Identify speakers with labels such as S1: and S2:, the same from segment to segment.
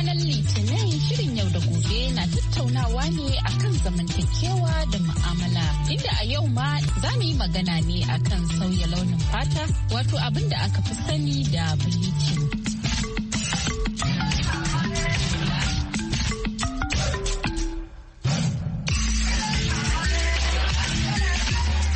S1: ranar Litinin shirin yau da gobe na tattaunawa ne akan zamantakewa da ma'amala Inda a yau ma za mu yi magana ne akan sauya launin fata wato abin da aka fi sani da bleaching.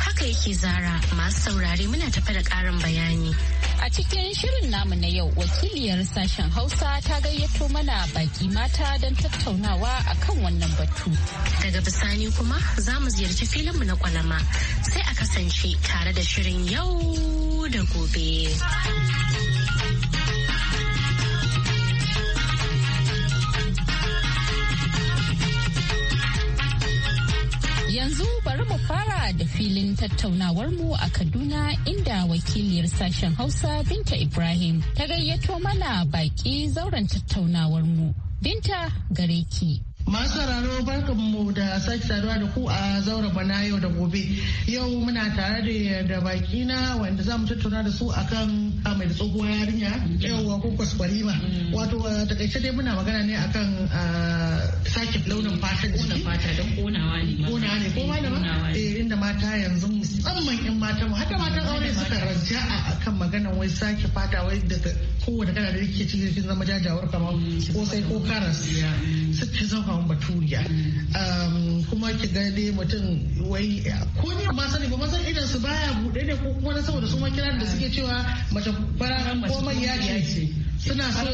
S1: Haka yake zara masu saurare muna tafe da ƙarin bayani. A cikin shirin namu na yau wakiliyar sashen Hausa ta gayyato mana baki mata don tattaunawa a kan wannan batu. Daga bisani kuma za mu ziyarci filinmu na kwalama sai a kasance tare da shirin yau da gobe. Yanzu bari mu fara da filin tattaunawar mu a Kaduna inda wakiliyar sashen Hausa Binta Ibrahim ta gayyato mana baƙi zauren tattaunawar mu Binta gare ki.
S2: Masu sauraro mu da sake saduwa da ku a zaura bana yau da gobe. Yau muna tare da baki na wanda za mu tattauna da su akan mai tsohuwar yarinya yauwa ko kwaskwarima. Wato takaice dai muna magana ne akan sake launin fatan jiki. fata don konawa ne. Konawa ne ko malama? Eh inda mata yanzu musamman in mata mu hata matan aure suka a akan maganan wai sake fata wai daga kowane kana da yake cikin zama jajawar kamar mm. ko sai ko karas. Suka zama musamman baturiya um, kuma ki ga dai mutum wai ko ne ma sani ba masan idan su baya bude ne ko kuma na saboda su makira da suke cewa mace fara ko ya ce suna so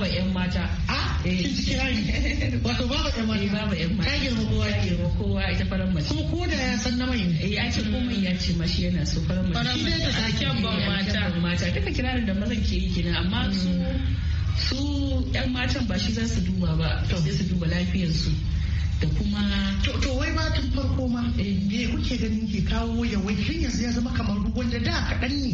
S2: ba yan mata a ciki eh. hari wato babu yan mata eh, babu yan mata kage kowa ke ba kowa ita faran mace kuma koda ya san na mai eh ya ce komai ya ce shi yana so faran mace shi dai ta kyan ba mata mata duka kirarin da mazan ke yi kenan amma su hmm. su yan matan ba shi za su duba ba sai su duba lafiyarsu da kuma to wai ma tun farko ma eh. me kuke ganin ke kawo ya wai yanzu ya zama kamar ruwan da da kaɗan ne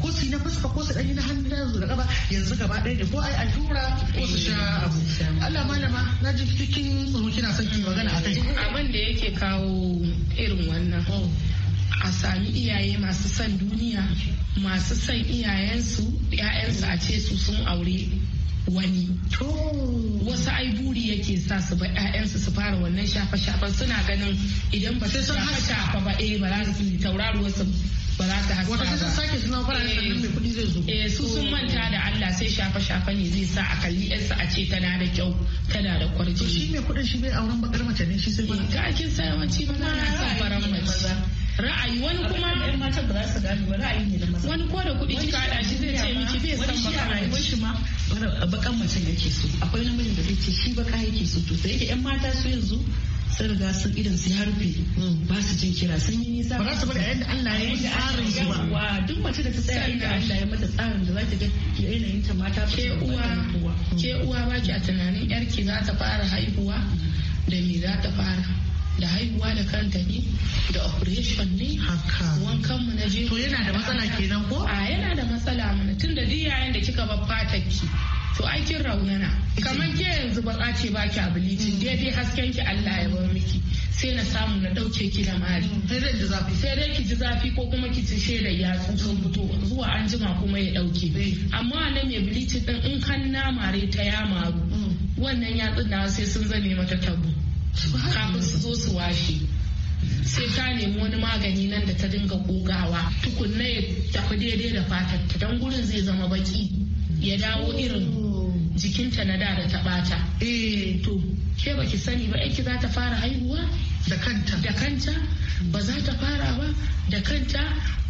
S2: ko su na fuska ko su dan na hannu da yanzu da gaba yanzu gaba ɗaya da ko ai allura ko su sha eh. abu Allah malama na ji cikin tsoro kina son ki magana a kai abin
S3: da yake kawo irin wannan oh. a sami iyaye masu son duniya masu son iyayensu 'ya'yansu a ce su sun aure wani to wasu ai buri yake sa su ba ƴaƴansu su fara wannan shafa shafan suna ganin idan ba su shafa shafa ba eh ba za su tauraruwar su ba za ta haska ba. Wata sake suna fara ne mai kudi zai zo. Eh su sun manta da Allah sai shafa shafa ne zai sa a kalli yarsa a ce tana da kyau tana da kwarji. To shi mai kudin shi bai auren bakar mace ne shi sai ba. Ga eh, kin sai yawanci ba na sa faran mace. ra'ayi wani kuma da yan matan ba za
S2: su gane ba ra'ayi ne na maza wani ko da kuɗi kika hada shi zai ce miki bai san ba kana yi shi ma bakan mutum yake so akwai namijin da zai ce shi baka yake so to sai yan mata su yanzu sun riga sun irin su harfe ba su jin kira sun yi nisa ba su bari a yadda Allah ya yi tsarin shi ba wa duk mace da ta tsaya inda Allah ya mata tsarin da za ta ga yanayin ta mata ke
S3: uwa ke uwa ba ki a tunanin yarki za ta fara haihuwa da me za ta fara da haihuwa da kanta ne da operation ne haka wankan mu na jini yana da matsala kenan ko a yana da matsala mana tunda duk yayin da kika bar fatar ki to ai kin raunana kamar ke yanzu ka ce ba ki a bilicin mm. daidai hasken ki Allah ya bar miki sai na samu na dauke ki da mari mm, sai dai ki zafi sai dai ki ji zafi ko kuma ki ci shaida ya sun fito zuwa an jima kuma ya dauke mm. amma na mai bilicin din in kan na mare ta ya maru wannan yatsun na sai sun zame mata tabu kafin su zo su washe sai ta nemi wani magani nan da ta dinga gogawa tukunna ya tafi daidai da fatar ta Don gurin zai zama baki ya dawo irin jikinta na da da ta bata eh to ke ki sani ba aiki za ta fara haihuwa da kanta da kanta ba za ta fara ba da kanta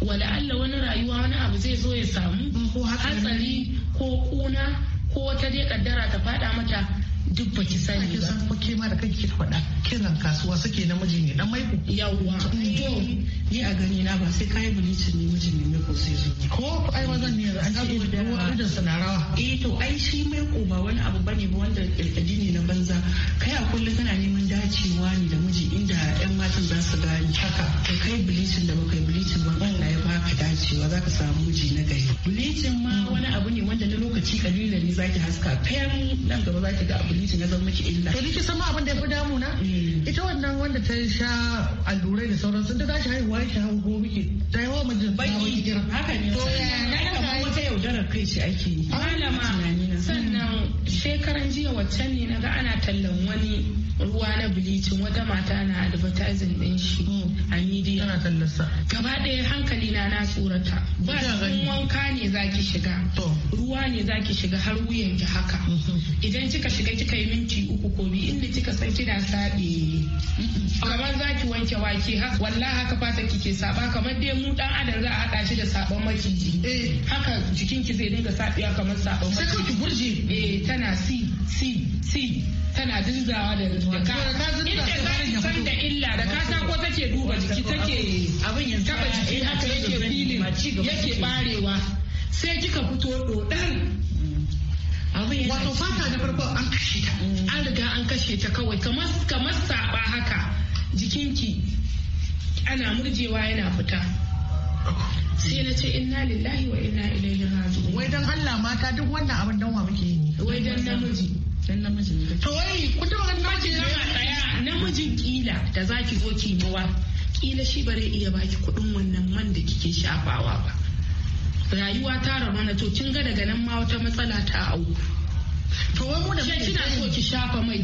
S3: wala Allah wani rayuwa wani abu zai zo ya samu mm, ko hatsari ko kuna ko wata dai kaddara ta fada mata
S2: duk ba ki sani ba san ke ma da kanki faɗa kiran kasuwa suke na miji ne dan maiko yawwa to ni a gani na ba sai kai bulicin ne miji ne maiko sai zo ko ai zan ne an ce da sanarawa eh to ai shi ko ba wani abu bane ba wanda kirkiri ne na banza kai a kullum kana neman dacewa ne da miji inda ƴan matan za su gani haka to kai bulicin da baka bulicin ba Allah ya baka dacewa zaka samu miji na gari bulicin ma wani abu ne wanda na lokaci kalilan ne zaki haska fayar nan gaba zaki ga abu ni ta zama miki illa to nake sama abin da ya fi damuna? Eh. ita wannan wanda ta sha allurai da sauran sun ta tashi haihuwa ya shawo ko miki ta yi yawa majin baki haka ne to ya yi kamar wata yaudara kai ce ake yi malama
S3: sannan hmm. shekaran jiya waccan ne na ga ana tallan wani ruwa na bleaching wata mata na advertising din shi hmm. a media tana tallasa gaba ɗaya hankali na na tsorata ba sun wanka ne zaki shiga ruwa ne zaki shiga har wuyan ki haka hmm, hmm, idan kika shiga kika yi minti uku ko biyu inda kika san kina sabe kamar zaki wanke wake ha wallahi haka fata kike saba kamar dai mu dan adam za a hada shi da sabon maciji eh. haka jikin ki zai dinga sabiya kamar sabon maciji sai ki burje eh tana si si ci tana dinzawa da ka da illa da ko take duba jiki take abin taba jiki haka yake filin yake barewa
S2: sai kika fito dodan
S3: wato fata da farko an kashe ta mm. an riga an kashe ta kawai kamar saba haka jikinki ana murjewa yana fita
S2: sai na ce inna lillahi wa inna ilaihi raji'un wai don Allah mata duk wannan abin dan wa muke yi wai don namiji dan namijin ne to wai ku taba ganin namijin ne daya
S3: namijin kila da zaki zo ki wa kila shi bare iya baki kuɗin wannan man da kike shafawa ba rayuwa ta na to kin ga daga nan ma wata matsala ta au. to wai mu da kina so ki shafa mai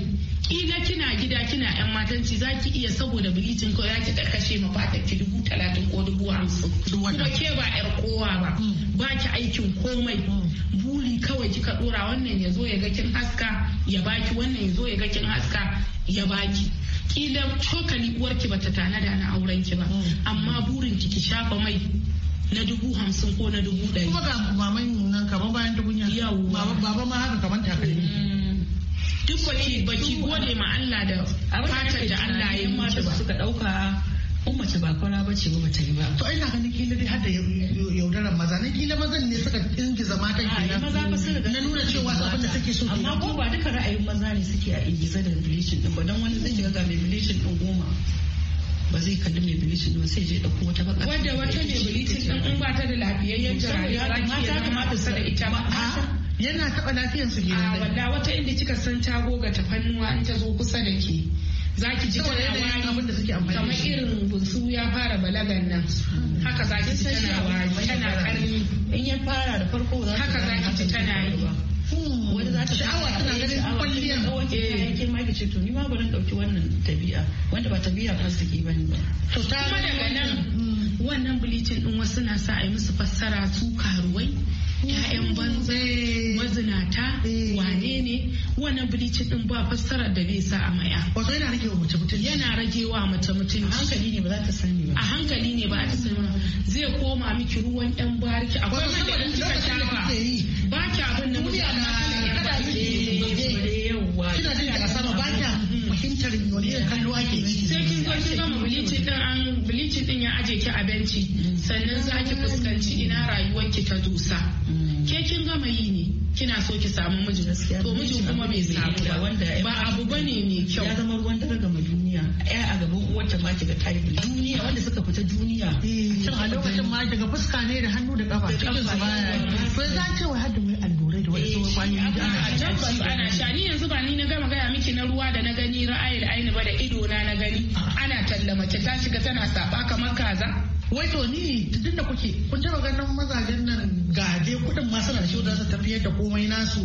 S3: kila kina gida kina yan matanci za ki iya saboda bilicin ko ya ki kashe ma fatan ki dubu talatin ko dubu hamsin kuma ke ba yar kowa ba mm. ba ki aikin komai mm. buri kawai kika dora wannan ya zo ya ga kin haska ya baki wannan ya zo ya ga kin haska ya baki kila cokali uwarki bata tanada na auren ki ba mm. amma burin ki ki shafa mai
S2: na dubu hamsin ko na dubu ɗari. Kuma ga mamayin nan kamar bayan tukunya. Yawwa. Baba ma haka kamar takalmi. duk baki baki gode ma Allah da fatar da Allah ya yi ba suka dauka in mace ba kwana ba ce ba ta yi ba. To ina ganin kila dai har da yaudaran maza na kila mazan ne suka ingiza matan kenan. maza ba su na nuna cewa abin da suke so Amma ko ba duka ra'ayin maza ne suke a ingiza da bilishin din ba don wani zai ga ga mai din goma. ba zai kalli mai bilicin ba sai je ɗauko wata baka. Wadda wata mai bilicin din in ba ta da lafiyayyen jarariya mata kamata su da ita ba. yana taɓa lafiyar su
S3: ne. a walla wata inda kika san ta goga tafannuwa in ta zo kusa da ke za ki ji tana wari abin da suke amfani kamar irin bunsu ya fara balagan nan haka za ki ji tana wari tana karni
S2: in ya fara da farko za haka za ki ji tana yi hmm. wani za ta sha'awa tana eh, ganin kwalliyar eh ke ma ki ce to ni ma bari dauki wannan tabi'a wanda ba tabi'a ba su ba bane
S3: to ta daga nan wannan hmm. bilicin din wasu na sa a yi musu fassara su karuwai 'ya'yan banza eh. mazinata eh. wane ne wannan bilicin din ba fassarar da bai sa a maya wato yana rage wa mace mutum. yana rage wa mace mutum. a hankali ne ba za ta sani ba a hankali ne ba ta sani ba zai koma miki ruwan yan bariki akwai wani da kika sha ba ba ki abin da mutane kada ki eh, yawa kina jin daga sama ba ki mm-hmm.
S2: fahimtar wani ruwa ke yi ko shi gama bilici din
S3: an bilici din ya aje ki a benci sannan za ki fuskanci ina rayuwar ki ta dusa mm. ke kin gama yi ne kina so ki samu
S2: mijin to mijin kuma bai samu ba ba abu bane mai kyau ya zama ruwan dare gama duniya ya a gaban uwarta ma kiga ta yi duniya wanda suka fita duniya tun eh. a lokacin ma daga fuska ne da hannu da kafa kafa ba sai za ki wa hadu wasu kwayoyi da ana tabbas ana sha
S3: ni yanzu ba ni na gama gaya miki na ruwa da na gani ra'ayin aini ba da ido na na gani ana talla mace ta shiga tana saba kamar kaza
S2: wai to ni tun da kuke kun taba ganin mazajen nan gaje kudin ma suna shi da su tafiyar da komai nasu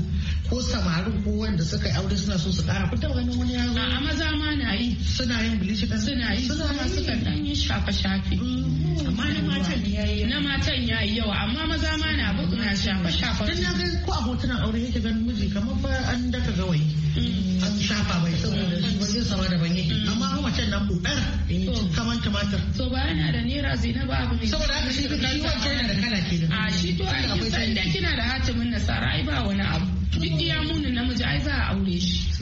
S2: ko samarin ko wanda suka yi aure suna so su kara kun taba ganin wani yazo a maza ma na yi suna yin bilishi suna yi suna suka yi shafe shafe mm.
S3: amma na matan yayi na matan ya yi yawa amma maza ma na bugu na shafa shafa dan na ga ko
S2: a hotunan aure yake ganin miji kamar ba an daka gawayi mm. an shafa bai saboda shi ba zai saba da banye mm. amma kuma macen nan budar mm. kamar tumatir to ba yana da naira zainabu abu ne saboda haka shi ka yi wancan yana da kala
S3: kenan a shi to ai san da kina da hatimin nasara ai ba wani abu duk iya munin namiji ai za a aure shi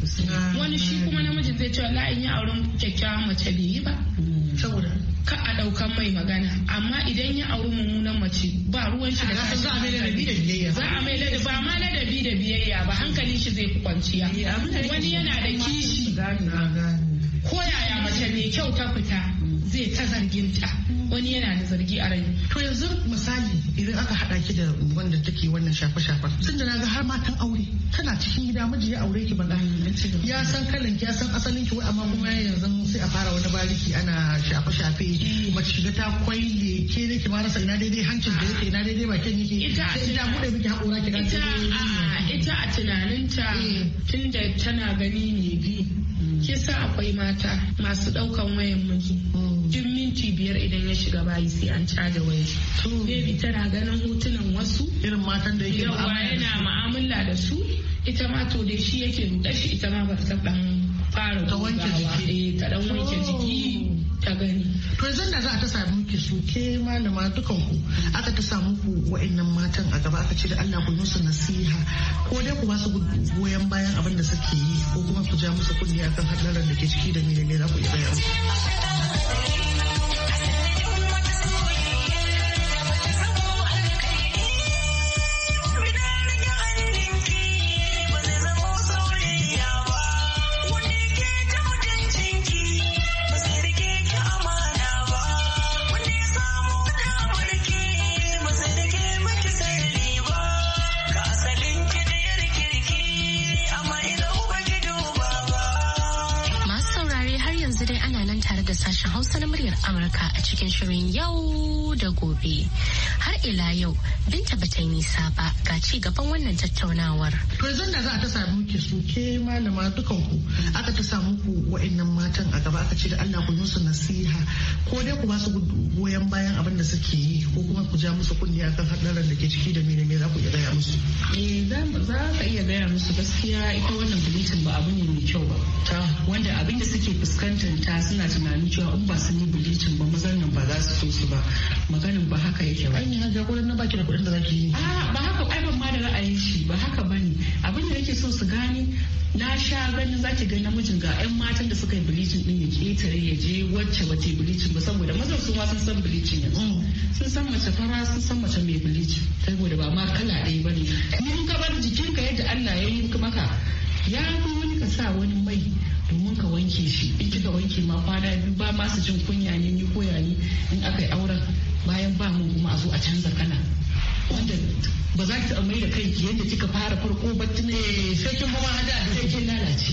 S3: wani shi kuma namijin zai ce wallahi in yi auren kyakkyawan mace bai yi ba saboda ka a ɗaukan mai magana amma idan ya auri mummunan mace ba ruwan shi da za a mai ladabi da biyayya za a mai ladabi ba ma ladabi da biyayya ba hankalin shi zai fi kwanciya eh, wani yana da kishi
S2: ko yaya mace mai kyau
S3: ta fita zai ta zargin ta wani yana da zargi a rai
S2: to yanzu misali idan aka hada ki da wanda take wannan shafe shafen tun da naga har matan aure tana cikin gida miji ya aure ki bala mm, ya san kalan ki ya san asalin ki wai amma kuma yanzu sai a fara wani bariki ana shafe shafe mm. mace shiga ta ne ke ne ki ma rasa ina daidai hancin da yake ina daidai ba bakin yake ita ita bude miki hakura ki ita ita a
S3: tunaninta mm. tunda tana gani ne bi kisa akwai mata masu daukan wayan miji minti biyar idan ya shiga bayi sai an caja waya baby tana ganin hotunan wasu irin matan da yake yana ma'amala da su
S2: ita ma to dai shi yake ruɗa shi ita ma ba ta dan fara ta wanke jiki eh, ta dan wanke oh. jiki ta gani to yanzu da za a ta samu ki su ke malama dukan ku aka ta samu ku wa'annan matan a gaba aka ce da Allah ku musu nasiha ko dai ku ba su goyon bayan abin da suke yi ko kuma ku ja musu kunni akan hadarin da ke ciki da menene za ku yi bayan
S1: sashen Hausa na muryar Amurka a cikin shirin yau da gobe. Har ila yau binta bata yi nisa ba ga ci gaban wannan tattaunawar. To yanzu
S2: da za a ta samu ke su ke malama dukan ku aka ta samu ku wa'annan matan a gaba aka ce da Allah ku musu nasiha ko dai ku ba su goyon bayan abin da suke yi ko kuma ku ja musu kunni kan hadarin da ke ciki da mene me za ku iya gaya musu. Eh za ka iya gaya musu gaskiya ita wannan bulletin ba abu ne mai kyau ba. ta Wanda abin da suke ta suna tunanin cewa in ba sun yi bilicin ba mazan nan ba za su so su ba maganin ba haka yake ba. Ainihin haka kudin na baki da kudin da za ki yi. Ah, ba haka ai ban ma da ra'ayin shi ba haka ba ne abin da nake so su gani na sha ganin za ki ga namijin ga 'yan matan da suka yi bilicin din ya ketare ya je wacce ba ta yi bilicin ba saboda mazan su ma sun san bilicin yanzu. Mm. Sun san mace fara sun san mace mai bilicin saboda ba ma kala ɗaya ba ne. Mun ka bar jikinka yadda Allah ya yi maka ya ka sa wani mai domin ka wanke shi in kika wanke ma kwana biyu ba masu jin kunya ne ni koya ne in aka yi auren bayan ba mu kuma a zo a canza kana wanda ba za ki amai da kanki yadda kika fara farko ba tun eh, sai kin kuma hada sai kin lalace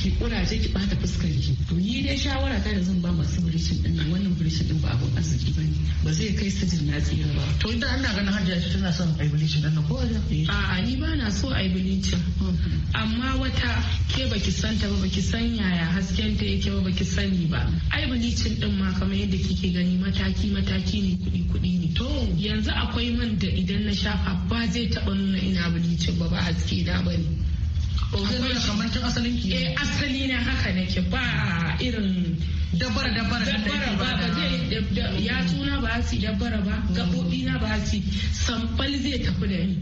S2: ki kuraje ki bata fuskar ki to ni dai shawara ta da zan ba masu birishin din wannan birishin din ba abun arziki bane ba zai kai su jin na tsira ba to idan ana ganin hajji shi tana son ai burishin din ko eh. a a ni ba
S3: na so ai burishin mm-hmm. amma wata ke baki santa ba baki san yaya hasken ta yake ba baki sani ba ai burishin din ma kamar yadda kike gani mataki mataki ne kudi kudi ne to yanzu akwai man da da idan na shafa ba zai taɓa nuna ina bleaching ba ba haske na ba ne. kamar tun asalin ki eh asali na haka nake ba irin dabara dabara dabbara ba ba zai ya tuna ba su dabara ba gabobi na ba su sambal zai tafi da ni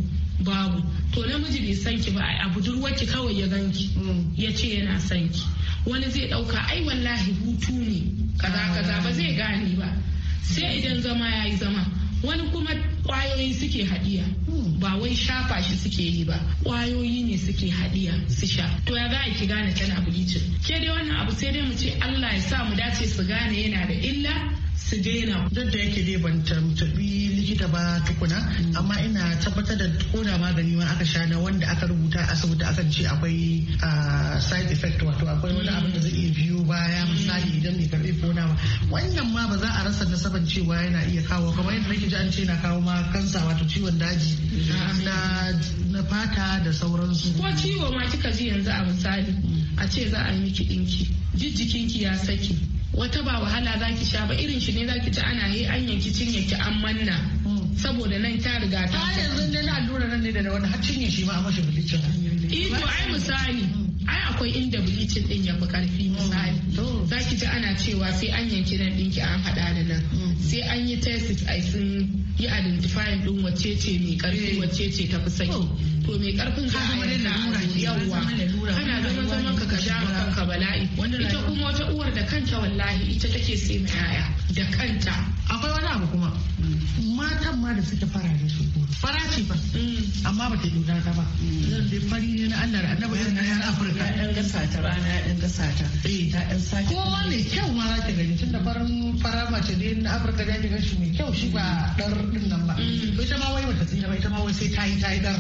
S3: babu to namiji bai san ki ba a ki kawai ya ganki mm. ya ce yana san ki wani zai dauka ai wallahi hutu ne kaza kaza ba zai gane ba sai idan zama ya yi zama wani kuma kwayoyi suke hadiya hmm. ba wai shafa shi suke yi ba kwayoyi ne suke hadiya su sha to ya za a ki gane tana bleaching ke dai wannan abu sai dai mu ce Allah ya sa mu dace su gane yana da illa
S2: su daina duk da yake dai ban tabi likita ba tukuna amma ina tabbatar da koda magani ma aka sha na wanda aka rubuta asibiti akan ce akwai side effect wato akwai wani abin da zai iya biyo baya misali idan mai karbe kona ba wannan ma ba za a rasa nasaban cewa yana iya kawo kamar yadda nake ji an ce na kawo ma kansa wato ciwon daji na fata da sauransu ko
S3: ciwo ma kika ji yanzu a misali a ce za a yi miki dinki jijjikinki ya saki wata ba wahala za ki sha ba irin shi ne za ki ci ana yi an yanki cinye ki an manna saboda nan ta riga ta. Ta yanzu ne
S2: na lura nan ne da wani har cinye shi ma a mashi bilicin. ido ai misali.
S3: ai akwai inda bleaching din ya fi karfi misali mm. oh. za ki ji ana cewa sai an yanki nan ɗinki an haɗa da nan mm. sai an yi test ai sun yi identify din wacce ce mai karfi eh. wacce ce fi saki oh. to mai karfin ka a yi yawwa kana zama zaman ka ka ja ma kanka bala'i ita kuma wata uwar da kanta
S2: wallahi ita take sai mai yaya da kanta akwai wani abu kuma matan ma da suke da su fara ce ba mm. amma ba ta yi dodar ba mm. zan dai fari ne na Allah da annabi na yan Afirka ɗan gasa ta rana ɗan gasa ta ta eh. ɗan sake Ko mai kyau ma za ta gani tunda farin fara mace ne na Afirka da ta shi mai kyau shi ba ɗar ɗin nan ba mm. ita ma wai ba ta tsira ba ita ma wai sai ta yi ta yi ɗar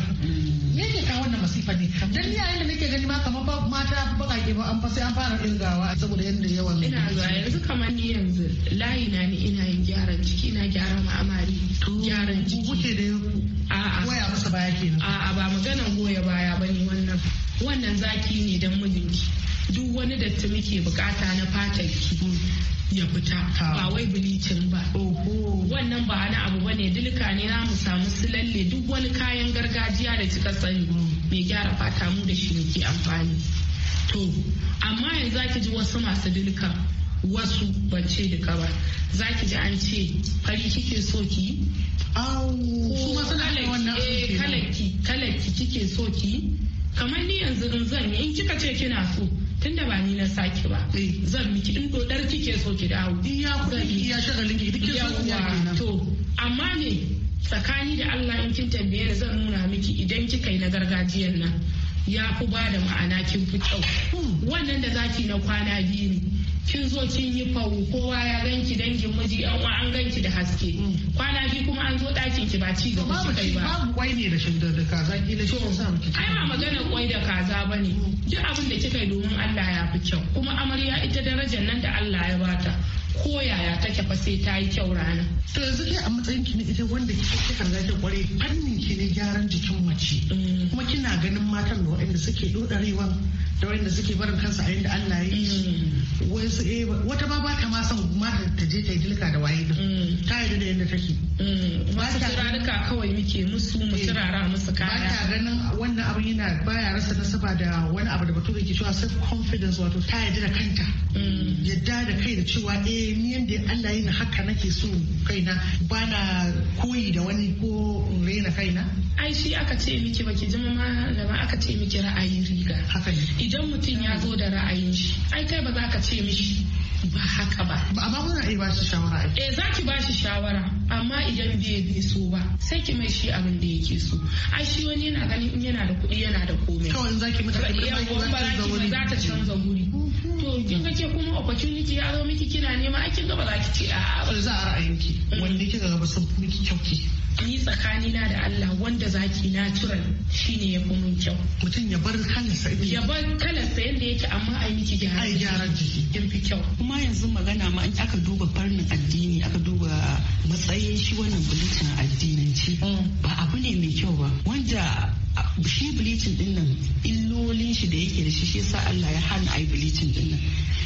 S2: yake kawo wannan masifa ne dan ni a da nake gani ma kamar ba mata bakake ba an fa sai an fara dingawa saboda yanda yawan ina zuwa yanzu kamar ni yanzu
S3: layi na ni ina yin gyaran ciki na gyara ma'amari gyaran ciki kuke da yanku a'a waya musu baya kenan a'a ba maganan goya baya bane wannan wannan zaki ne dan mijinki duk wani datti muke bukata na fatar ki ya fita ah. ba wai bilicin ba wannan ba hana abu bane dulka ne na mu samu silalle duk wani kayan gargajiya da kika sani mai gyara fata mu da shi muke amfani to amma yanzu zaki ji wasu masu dulka wasu bace da kaba za ki ji an ce fari kike so ki
S2: ko kalaki eh,
S3: kalaki kike so ki kamar ni yanzu zan zan in kika ce kina so tunda ba ni na saki ba eh. zan miki in dodar kike so ki dawo iya kuɗi shagalin ki to amma ne tsakani da Allah in kin tambaye zan nuna miki idan kika yi na gargajiyan nan ya fi ba da ma'ana kin fi kyau hmm. wannan da zaki na kwana biyu ne kin zo kin yi faru kowa ya ganki dangin miji an wa an ganki da haske kwana biyu kuma an zo ɗakin ki ba ci da ki kai ba babu kwai ne da shin da kaza ki da shin sa miki ai ba magana kwai da kaza bane duk abin da kika yi domin Allah ya fi kyau kuma amarya ita darajar nan da Allah ya bata ko yaya take fa sai ta yi kyau rana.
S2: To yanzu dai a matsayin ki ne ita wanda kike kika ga da kware fannin ki ne gyaran jikin mace. Mm. Kuma kina ganin matan da waɗanda suke dodarewa da waɗanda suke barin kansu a yadda Allah ya yi. Wasu mm. eh wata ba ba ta ma son mata ta je ta yi dilka da waye din. Mm. Ta yi da yadda take. Masu turaruka kawai muke musu mu eh. turara musu kaya. Ba ta ganin wannan abin yana baya rasa nasaba da wani abu da bature ke cewa self confidence wato ta yadda da kanta. Yadda da kai da cewa eh eh ni yanda Allah yin haka nake so kaina ba na koyi da wani ko in rena kaina
S3: ai shi aka ce miki baki ma malama aka ce miki ra'ayin riga haka ne idan mutum ya zo da ra'ayin shi ai kai ba za ka ce mishi ba haka ba ba amma muna iya ba shi shawara eh za ki ba shi shawara amma idan bai bai so ba sai ki mai shi abin da yake so ai shi wani yana ganin yana da kuɗi yana da komai kawai za ki mata kuɗi ba za ta canza wuri to kin ga ce kuma opportunity ya zo miki kina nema ai kin ga ba za ki ce a'a ba za a ra'ayinki mm. wanda kika ga ba sun fi miki kyau ke ni tsakani na da Allah wanda zaki natural shine ya fi mun kyau mutum ya bar sa ya bar sa yadda yake amma ai miki gyara ai gyara
S2: jiki kin fi kyau kuma yanzu magana ma in aka duba farnin addini aka duba matsayin shi wannan bulletin addinanci mm. ba abu ne mai kyau ba da shi bleaching din nan illolin shi da yake da shi shi sa Allah ya hana ai bleaching din nan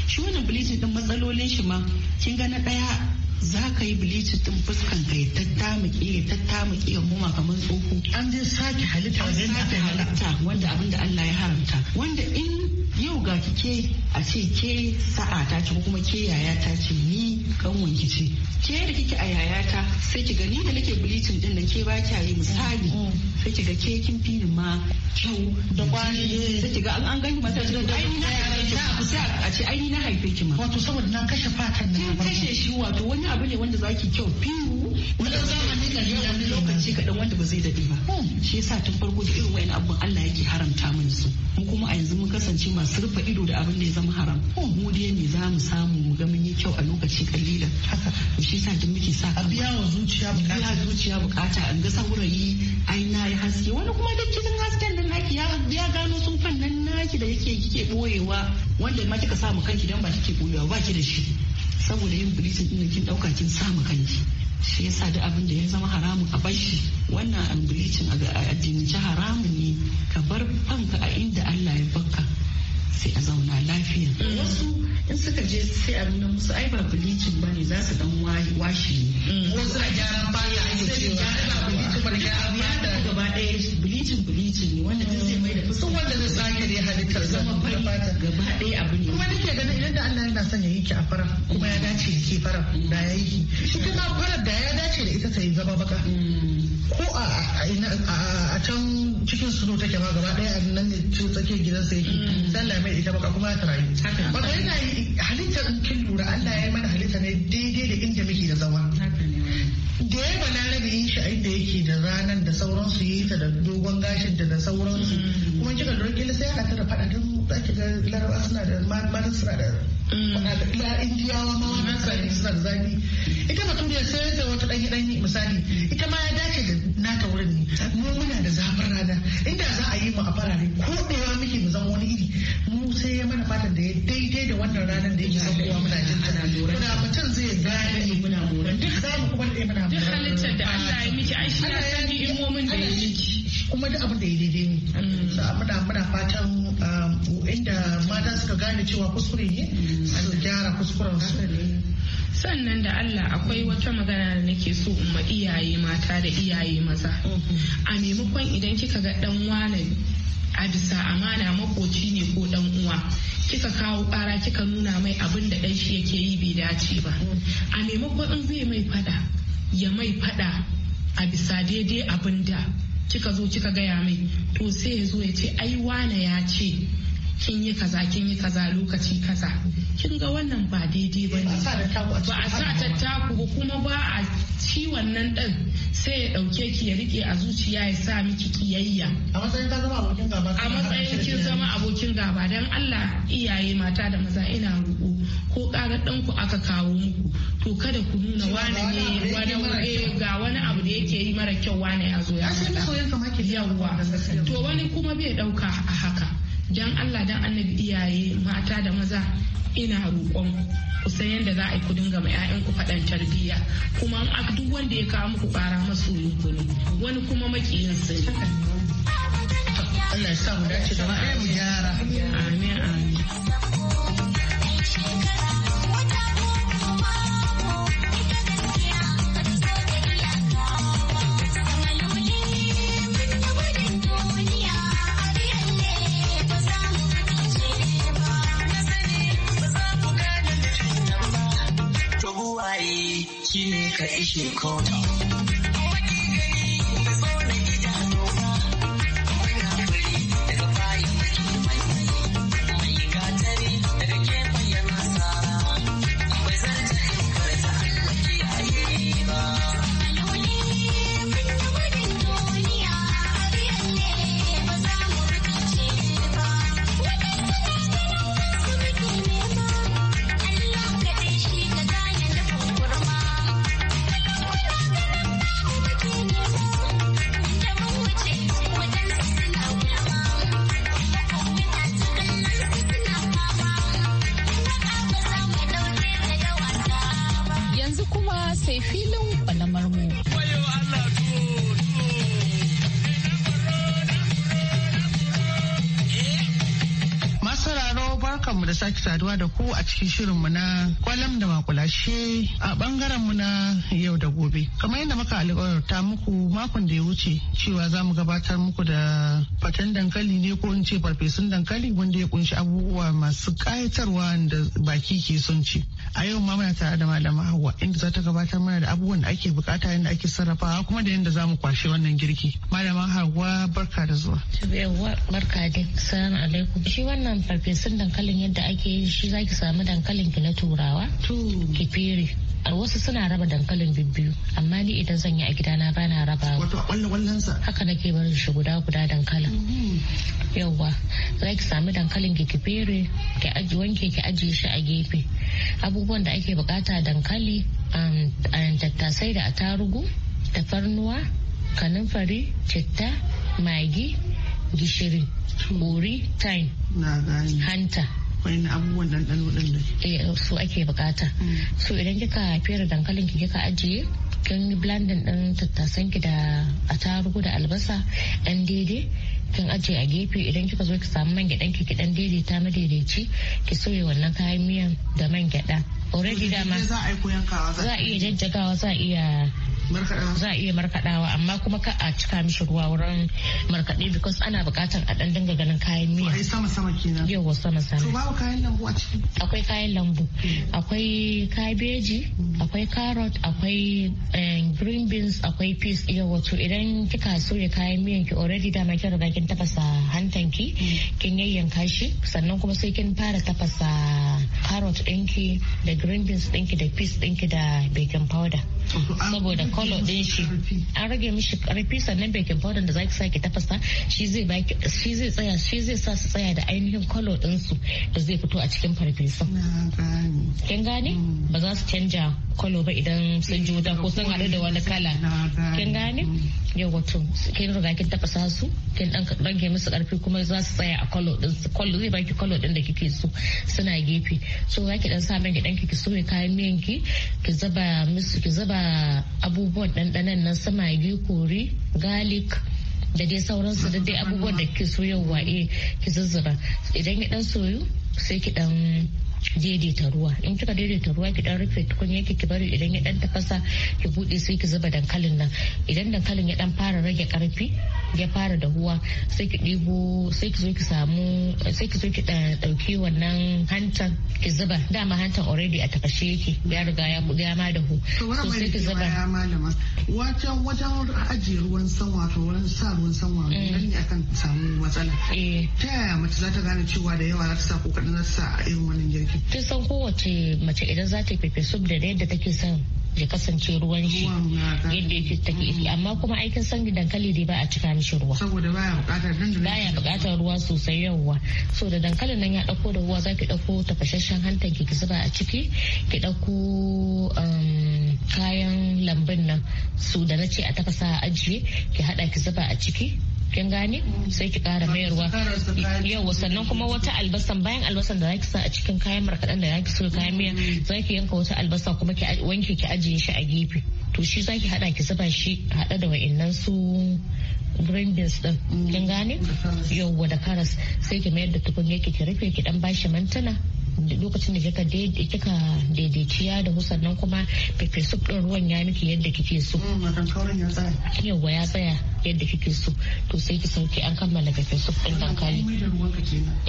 S2: shi wannan bleaching din matsalolin shi ma kin ga na daya za ka yi bleaching din fuskan ka ya ta ya tattamuke ya muma kamar tsoho an je halitta halitta wanda abin da Allah ya haramta wanda in yau ga kike a ce ke sa'a ta ce ko kuma ke yaya ta ce ni kan ce ke da kike a yaya ta sai ki gani da nake bleaching din nan ke ba kya yi misali mm, mm. sai ki ga ke kin fini ma kyau da kwani sai ki ga an an gani masa da ai ni na sai a ce ai na haife ki ma wato saboda na kashe fatan ne kashe shi wato wani abu ne wanda zaki kyau fiwu wani zamani ni wani lokaci kaɗan wanda ba zai dade ba hmm. shi yasa tun farko da irin wayan abun Allah yake haramta mun su mu kuma a yanzu mun kasance masu su rufe ido da abin da ya zama haram mu dai ne za mu samu mu ga mun yi kyau a lokaci kalilan haka shi yasa duk muke sa a wa zuciya bukata zuciya bukata an ga saurayi ai na yi haske wani kuma duk cikin hasken da naki ya gano tsufan nan naki da yake kike boyewa wanda ma kika sa mu kanki dan ba kike boyewa ba ki da shi saboda yin bleaching din kin dauka kin sa mu kanki shi yasa duk abin da ya zama haramun a shi wannan an bleaching a addinin haramun ne ka bar fanka a inda Allah ya bakka sai a zauna lafiya mm. wasu in suka je sai a nuna musu ai ba bilicin ba ne za su dan washi ne mm. wasu a gyaran ba a ba ya gaba ɗaya bilicin bilicin ne wanda duk zai mai da fuska wanda zai sake ne halittar zama fari gaba ɗaya abu ne kuma nake ganin idan da Allah yana son ya yi ki a fara kuma ya dace da ke fara da ya yi mm. shi kuma fara da ya dace da ita ta yi zama baka ko a can cikin su take ma gaba daya nan ne tsakiyar gidansa yake mm. sallah mai ita baka kuma ta rayu wato yana halitta kin lura Allah ya yi mana halitta ne daidai da inda muke da zama da ya balarabe yin shi inda yake da ranan da sauransu yi ta da dogon gashin da da sauransu mm. kuma kika lura kila sai aka tara fada duk zaki ga larabawa suna da matan da ila indiyawa ma wannan zagi suna da zagi ita baturiya sai da wata ɗanyi ɗanyi misali ita ma ya dace da nata wurin ne mu muna da zafin rana inda za a yi mu a farare ko ɗewa muke mu zama wani iri mu sai ya mana fatan da ya daidai da wannan ranar da yake zakowa muna jin tana lura muna mutum zai gane muna lura duk za mu kuma da muna lura duk halittar da Allah ya miki ai shi ya sani imomin da ya miki kuma duk abin da ya daidai ne mm. so muna muna fatan um, inda mata suka gane cewa kuskure ne su mm. gyara kuskuren su
S3: sannan da Allah akwai wata magana da nake so in ma iyaye mata da iyaye maza mm-hmm. a maimakon idan kika ga dan wane a bisa amana makoci ne ko dan uwa kika kawo kara kika nuna mai abin da dan shi yake yi bai dace ba mm. a maimakon in zai mai fada ya mai fada a bisa daidai abin da kika zo kika gaya min to sai ya zo ya ce ai wane ya ce kin yi kaza kin yi kaza lokaci kaza kin ga wannan ba daidai ba ne ba a sa tattaku ba kuma ba a ci wannan din sai ya dauke ki ya rike a zuciya ya sa miki kiyayya a matsayin kin zama abokin gaba dan Allah iyaye mata da maza ina roƙo ko ɗan ɗanku aka kawo muku to kada ku nuna wani ne wani eh, ga wani abu da yake yi mara kyau wani ya zo ya to wani kuma bai ɗauka a haka Dan allah dan annabi iyaye mata da maza ina roƙon ku san yadda za a yi ku dinga ma 'ya'yan ku faɗan tarbiyya kuma duk wanda ya kawo muku ƙara masu ku ne wani kuma makiyin su ne. Allah ya sa mu dace da ma'aikata. Amin amin.
S2: It's your corner. filin barkanmu da sake saduwa da ku a cikin shirinmu na kwalam da makulashe a bangaren mu na yau da gobe. Kamar yadda muka alƙawarta muku makon da ya wuce cewa za mu gabatar muku da fatan dankali ne ko in ce farfesun dankali wanda ya kunshi abubuwa masu ƙayatarwa da baki ke son ci. A yau ma muna tare da malama Hauwa inda za ta gabatar mana da abubuwan da ake bukata yadda ake sarrafawa kuma da yadda za mu kwashe wannan girki. Malama Hauwa barka da zuwa.
S1: barka dai. Assalamu alaikum. Shi wannan farfesun dankalin yadda ake yi shi zaki samu dankalin ki na turawa ki fere a wasu suna raba dankalin bibbiyu amma ni idan zan yi a gidana ba na raba wato wallan wallan sa haka nake barin shi guda guda dankalin mm-hmm. yawwa za ki samu dankalin ki ki fere ki aji wanke ki ajiye shi a gefe abubuwan da ake bukata dankali um, tattasai da atarugu tafarnuwa kanunfari citta magi gishiri bori time hanta wani abubuwan ɗanɗano ɗin nan. Eh su ake bukata. Mm. So idan kika fere dankalin ki kika ajiye kin yi blandin ɗin tattasan ki da attarugu da albasa ɗan daidai kin ajiye a gefe idan kika zo ki samu man gyaɗan ki dan daidaita madaidaici ki soya wannan kayan miyan da man gyaɗa.
S2: Already dama. Za a iya jajjagawa za a iya
S1: za a iya markaɗawa amma kuma ka a cika mishi ruwa wurin markaɗe because ana buƙatar a ɗan dinga ganin kayan miya wai sama sama kenan yawa sama sama to babu kayan lambu a ciki akwai kayan lambu akwai kabeji hmm. akwai carrot akwai eh, green beans akwai peas yawa to idan kika soya kayan miyan ki already dama kin riga kin tafasa hantanki hmm. kin yayyanka shi sannan kuma sai kin fara tafasa carrot ɗinki da green beans ɗinki da peas ɗinki da baking powder saboda kolo din shi an rage mishi karfi sannan baking powder da zaki sake tafasa shi zai baki shi zai tsaya shi zai sa su tsaya da ainihin kolo din su da zai fito a cikin farfesa kin gane hmm. ba za su canja kolo ba idan sun ji wuta ko sun haɗu da wani kala kin gane hmm. yau wato kin riga kin tafasa su kin dan rage musu karfi kuma za su tsaya a kolo din su kolo zai baki kolo din da kike so suna gefe so ki dan sa mai dan ki soya kayan miyan ki ki zaba musu ki zaba abubuwa abubuwan ɗanɗanan nan su magi kori garlic da dai sauransu da dai abubuwan da ke soyarwa eh ki zuzzura idan ya dan soyu sai ki dan daidaita ruwa in kika daidaita ruwa ki dan rufe tukunya ki bari idan ya dan tafasa ki bude sai ki zuba dankalin nan idan dankalin ya dan fara rage karfi ya fara dahuwa sai ki ɗibo sai ki zo ki samu sai ki zo ki dauki wannan hantan ki zuba dama hantan already a takashe yake ya riga ya ya ma dahu so sai ki zuba ya
S2: malama wata wajen ajiye ruwan San wato wurin sa ruwan wato. nan mm. ne akan samu matsala eh. ta yaya mace za ta gane cewa da yawa za ta sa kokarin za ta sa irin wannan girki tun san kowace mace idan za ta
S1: fefe sub da yadda take son ya kasance ruwan shi yadda yake take amma kuma aikin sanyi dankali dai ba a cika mishi ruwa saboda baya bukatar baya bukatar ruwa sosai yawa so da dankalin nan ya dauko da ruwa za ki dauko tafashashen hantar ki zuba a ciki ki dauko um, kayan lambun nan su da na ce a tafasa a ajiye ki hada ki zuba a ciki kin gane sai ki kara mayarwa yau sannan kuma wata albasan bayan albasan da zaki sa a cikin kayan markaɗan da zaki so kayan miya zaki yanka wata albasa kuma ki wanke ki ajiye shi a gefe to shi zaki hada ki zuba shi hada da wa'annan su green beans din kin gane yau da karas sai ki mayar da tukunya ki rufe ki dan bashi mantana lokacin da kika kika daidaiciya da sannan kuma pepe soup din ruwan ya miki yadda kike so mm, yawa ya tsaya yadda kike so to sai ki sauke an kammala pepe soup din dankali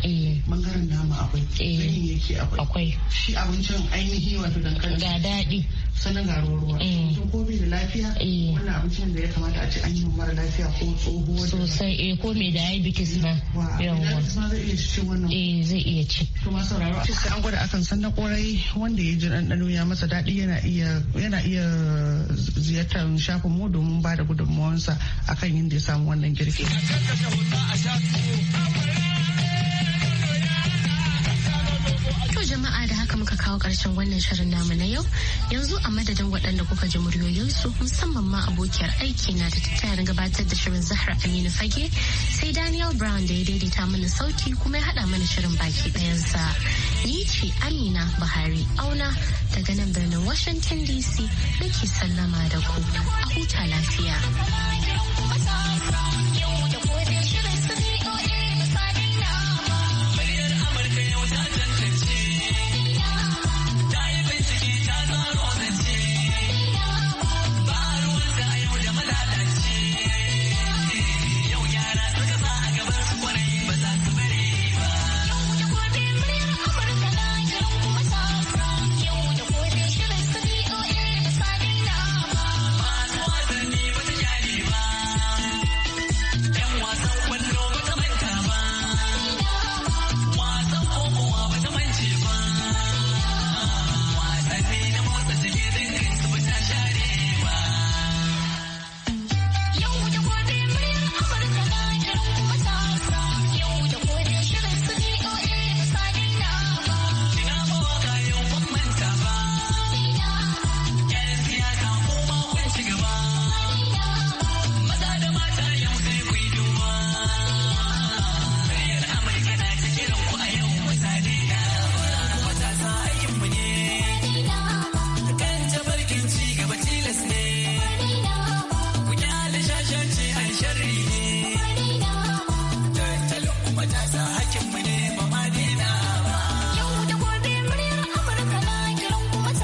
S2: eh bangaren nama akwai eh akwai shi abincin ainihi wato dankali ga daɗi sannan ga ruwa ruwa. Eh. ko bai da lafiya eh. wannan abincin da ya kamata a ce an yi mara lafiya ko tsohuwa
S1: sosai eh ko mai diabetes na yawa zai iya ci wannan eh zai iya ci to ma sauraro sai
S2: an gwada akan san na kwarai wanda ya ji ɗanɗano ya masa daɗi yana iya ziyartar shafin mu domin ba da gudunmawansa akan yin da ya samu wannan girki.
S1: jama'a da haka muka kawo ƙarshen wannan shirin namu na yau yanzu a madadin waɗanda kuka ji muryoyinsu musamman ma abokiyar aiki na da tattayar gabatar da shirin Zahra Aminu Fage sai Daniel Brown da ya daidaita mana sauki kuma ya haɗa mana shirin baki ɗayansa. Ni ce Amina Buhari auna daga nan birnin Washington DC nake sallama da ku a huta lafiya.